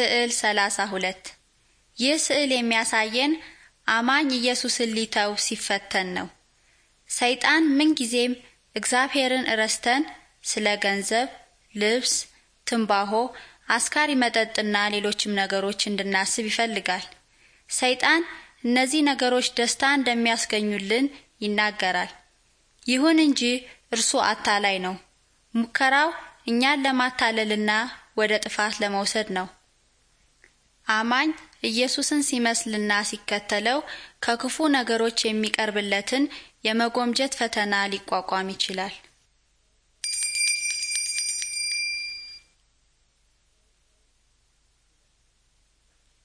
ስዕል 32 ይህ ስዕል የሚያሳየን አማኝ ኢየሱስን ሊተው ሲፈተን ነው። ሰይጣን ምንጊዜም እግዚአብሔርን እረስተን ስለ ገንዘብ፣ ልብስ፣ ትንባሆ፣ አስካሪ መጠጥና ሌሎችም ነገሮች እንድናስብ ይፈልጋል። ሰይጣን እነዚህ ነገሮች ደስታ እንደሚያስገኙልን ይናገራል። ይሁን እንጂ እርሱ አታላይ ነው። ሙከራው እኛን ለማታለልና ወደ ጥፋት ለመውሰድ ነው። አማኝ ኢየሱስን ሲመስልና ሲከተለው ከክፉ ነገሮች የሚቀርብለትን የመጎምጀት ፈተና ሊቋቋም ይችላል።